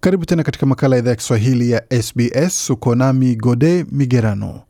Karibu tena katika makala ya idhaa ya Kiswahili ya SBS. Uko nami Gode Migerano.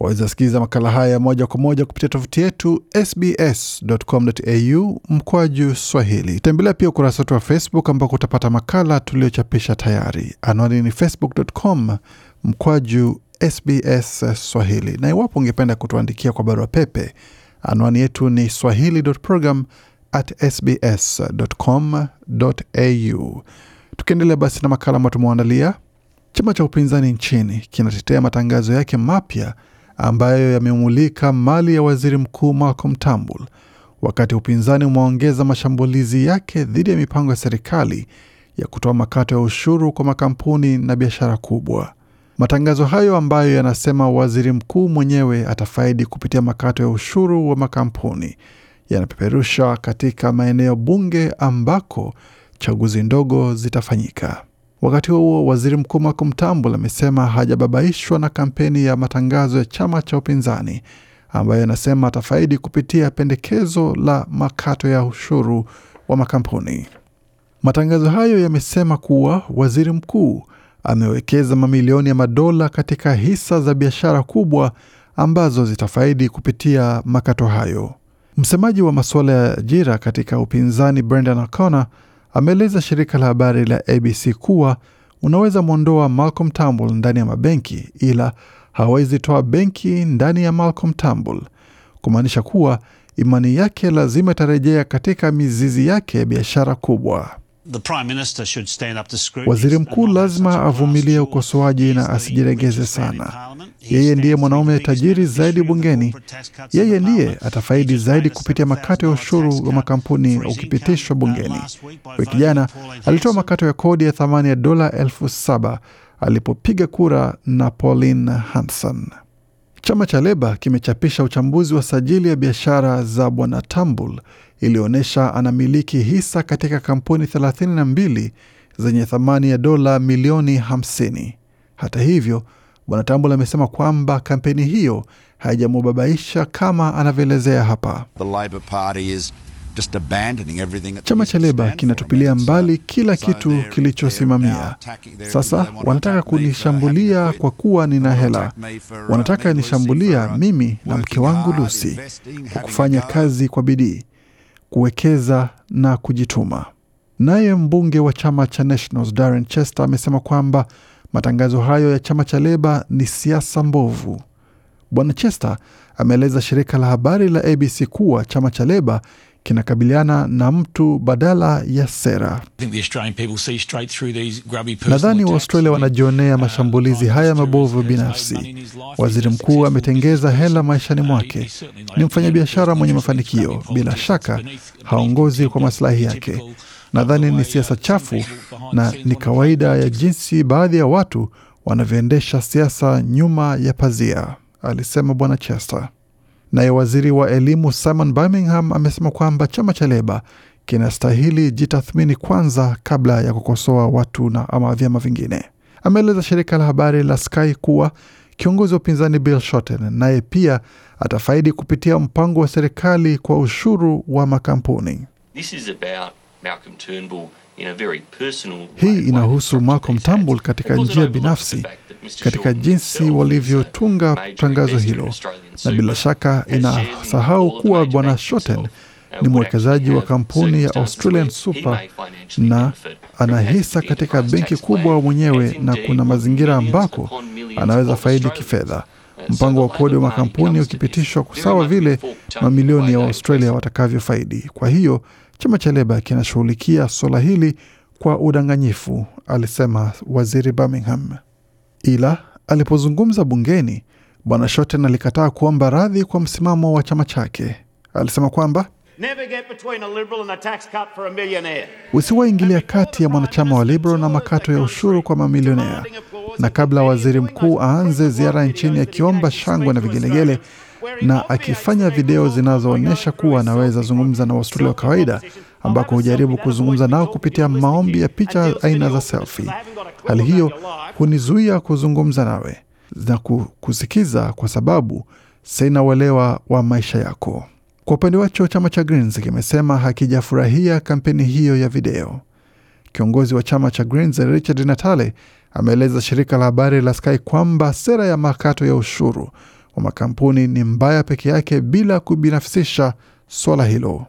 Waweza sikiliza makala haya moja kwa moja kupitia tovuti yetu sbs.com.au mkwaju swahili. Tembelea pia ukurasa wetu wa Facebook ambako utapata makala tuliochapisha tayari. Anwani ni facebook.com mkwaju SBS Swahili. Na iwapo ungependa kutuandikia kwa barua pepe, anwani yetu ni swahili.program@sbs.com.au. Tukiendelea basi na makala ambayo tumewaandalia, chama cha upinzani nchini kinatetea matangazo yake mapya ambayo yamemulika mali ya waziri mkuu Malcolm Turnbull, wakati upinzani umeongeza mashambulizi yake dhidi ya mipango ya serikali ya kutoa makato ya ushuru kwa makampuni na biashara kubwa. Matangazo hayo ambayo yanasema waziri mkuu mwenyewe atafaidi kupitia makato ya ushuru wa makampuni yanapeperusha katika maeneo bunge ambako chaguzi ndogo zitafanyika. Wakati huo waziri mkuu Malcolm Turnbull amesema hajababaishwa na kampeni ya matangazo ya chama cha upinzani ambayo anasema atafaidi kupitia pendekezo la makato ya ushuru wa makampuni. Matangazo hayo yamesema kuwa waziri mkuu amewekeza mamilioni ya madola katika hisa za biashara kubwa ambazo zitafaidi kupitia makato hayo. Msemaji wa masuala ya ajira katika upinzani Brendan O'Connor ameeleza shirika la habari la ABC kuwa unaweza mwondoa Malcolm Turnbull ndani ya mabenki, ila hawezi toa benki ndani ya Malcolm Turnbull, kumaanisha kuwa imani yake lazima itarejea katika mizizi yake ya biashara kubwa. Waziri mkuu lazima avumilie ukosoaji na asijiregeze sana. Yeye ndiye mwanaume tajiri zaidi bungeni. Yeye ndiye atafaidi zaidi kupitia makato ya ushuru wa makampuni ukipitishwa bungeni. Wiki jana alitoa makato ya kodi ya thamani ya dola elfu saba alipopiga kura na Pauline Hanson. Chama cha Leba kimechapisha uchambuzi wa sajili ya biashara za Bwana Tambul ilionyesha anamiliki hisa katika kampuni 32 zenye thamani ya dola milioni 50. Hata hivyo, Bwana Tambul amesema kwamba kampeni hiyo haijamubabaisha kama anavyoelezea hapa. Chama cha Leba kinatupilia mbali kila kitu kilichosimamia. Sasa wanataka kunishambulia kwa kuwa nina hela, wanataka nishambulia mimi na mke wangu Lucy kwa kufanya kazi kwa bidii kuwekeza na kujituma. Naye mbunge wa chama cha Nationals Darren Chester amesema kwamba matangazo hayo ya chama cha Leba ni siasa mbovu. Bwana Chester ameeleza shirika la habari la ABC kuwa chama cha Leba kinakabiliana na mtu badala ya sera. Nadhani Waaustralia wanajionea uh, mashambulizi uh, haya mabovu binafsi. Waziri mkuu ametengeza hela maishani uh, mwake, ni mfanyabiashara mwenye mafanikio, bila shaka haongozi kwa masilahi yake. Nadhani ni siasa chafu na ni kawaida ya jinsi baadhi ya watu wanavyoendesha siasa nyuma ya pazia, alisema Bwana Chester. Naye waziri wa elimu Simon Birmingham amesema kwamba chama cha Leba kinastahili jitathmini kwanza kabla ya kukosoa watu na ama vyama vingine. Ameeleza shirika la habari la Sky kuwa kiongozi wa upinzani Bill Shorten naye pia atafaidi kupitia mpango wa serikali kwa ushuru wa makampuni. This is about Malcolm Turnbull hii inahusu Malcolm Turnbull katika njia binafsi, katika jinsi walivyotunga tangazo hilo, na bila shaka inasahau kuwa Bwana Shorten ni mwekezaji wa kampuni ya Australian Super na ana hisa katika benki kubwa mwenyewe, na kuna mazingira ambako anaweza faidi kifedha. Uh, Mpango wa kodi wa makampuni ukipitishwa, sawa vile mamilioni ya waustralia watakavyofaidi. Kwa hiyo Chama cha Leba kinashughulikia swala hili kwa udanganyifu, alisema waziri Birmingham. Ila alipozungumza bungeni, bwana Shorten alikataa kuomba radhi kwa msimamo wa chama chake. Alisema kwamba usiwaingilia kati ya mwanachama wa Liberal na makato ya ushuru kwa mamilionea. Na kabla waziri mkuu aanze ziara nchini akiomba shangwe na vigelegele na akifanya video zinazoonyesha kuwa anaweza zungumza na Waaustralia wa kawaida, ambako hujaribu kuzungumza nao kupitia maombi ya picha aina za selfi Hali hiyo hunizuia kuzungumza nawe na kukusikiza kwa sababu sina uelewa wa maisha yako. Kwa upande wacho, chama cha Greens kimesema hakijafurahia kampeni hiyo ya video. Kiongozi wa chama cha Greens Richard Natale ameeleza shirika la habari la Sky kwamba sera ya makato ya ushuru wa makampuni ni mbaya peke yake bila kubinafsisha swala hilo.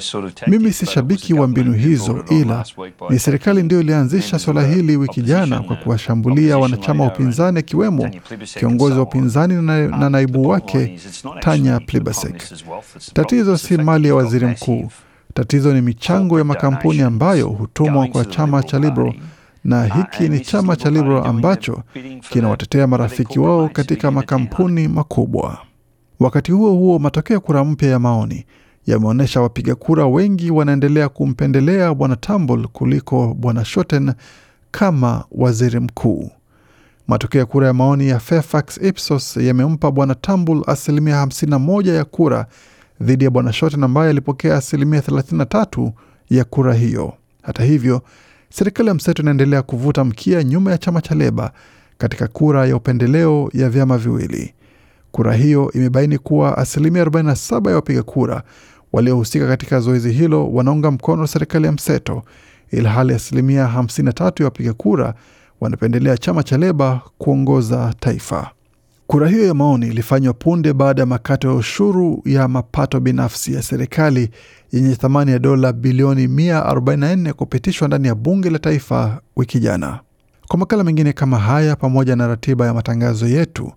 Sort of mimi si shabiki wa mbinu hizo, ila ni serikali ndiyo ilianzisha swala hili wiki jana kwa kuwashambulia wanachama wa upinzani, akiwemo kiongozi wa upinzani na, um, na naibu wake Tanya Plibersek. Tatizo si mali ya waziri mkuu, tatizo ni michango ya makampuni ambayo hutumwa kwa chama cha Liberal na hiki ni chama cha Liberal ambacho kinawatetea marafiki wao katika makampuni makubwa. Wakati huo huo, matokeo ya kura mpya ya maoni yameonyesha wapiga kura wengi wanaendelea kumpendelea bwana tambul kuliko bwana Shorten kama waziri mkuu. Matokeo ya kura ya maoni ya Fairfax Ipsos yamempa bwana tambul asilimia 51 ya kura dhidi ya bwana Shorten ambaye alipokea asilimia 33 ya kura hiyo. Hata hivyo serikali ya mseto inaendelea kuvuta mkia nyuma ya chama cha Leba katika kura ya upendeleo ya vyama viwili. Kura hiyo imebaini kuwa asilimia 47 ya wapiga kura waliohusika katika zoezi hilo wanaunga mkono serikali ya mseto, ilhali asilimia 53 ya wapiga kura wanapendelea chama cha Leba kuongoza taifa. Kura hiyo ya maoni ilifanywa punde baada ya makato ya ushuru ya mapato binafsi ya serikali yenye thamani ya dola bilioni 144 kupitishwa ndani ya bunge la taifa wiki jana. Kwa makala mengine kama haya, pamoja na ratiba ya matangazo yetu,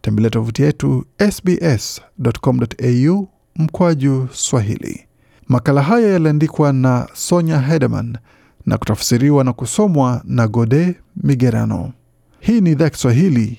tembelea tovuti yetu sbs.com.au mkwaju Swahili. Makala haya yaliandikwa na Sonya Hedeman na kutafsiriwa na kusomwa na Gode Migerano. Hii ni idhaa Kiswahili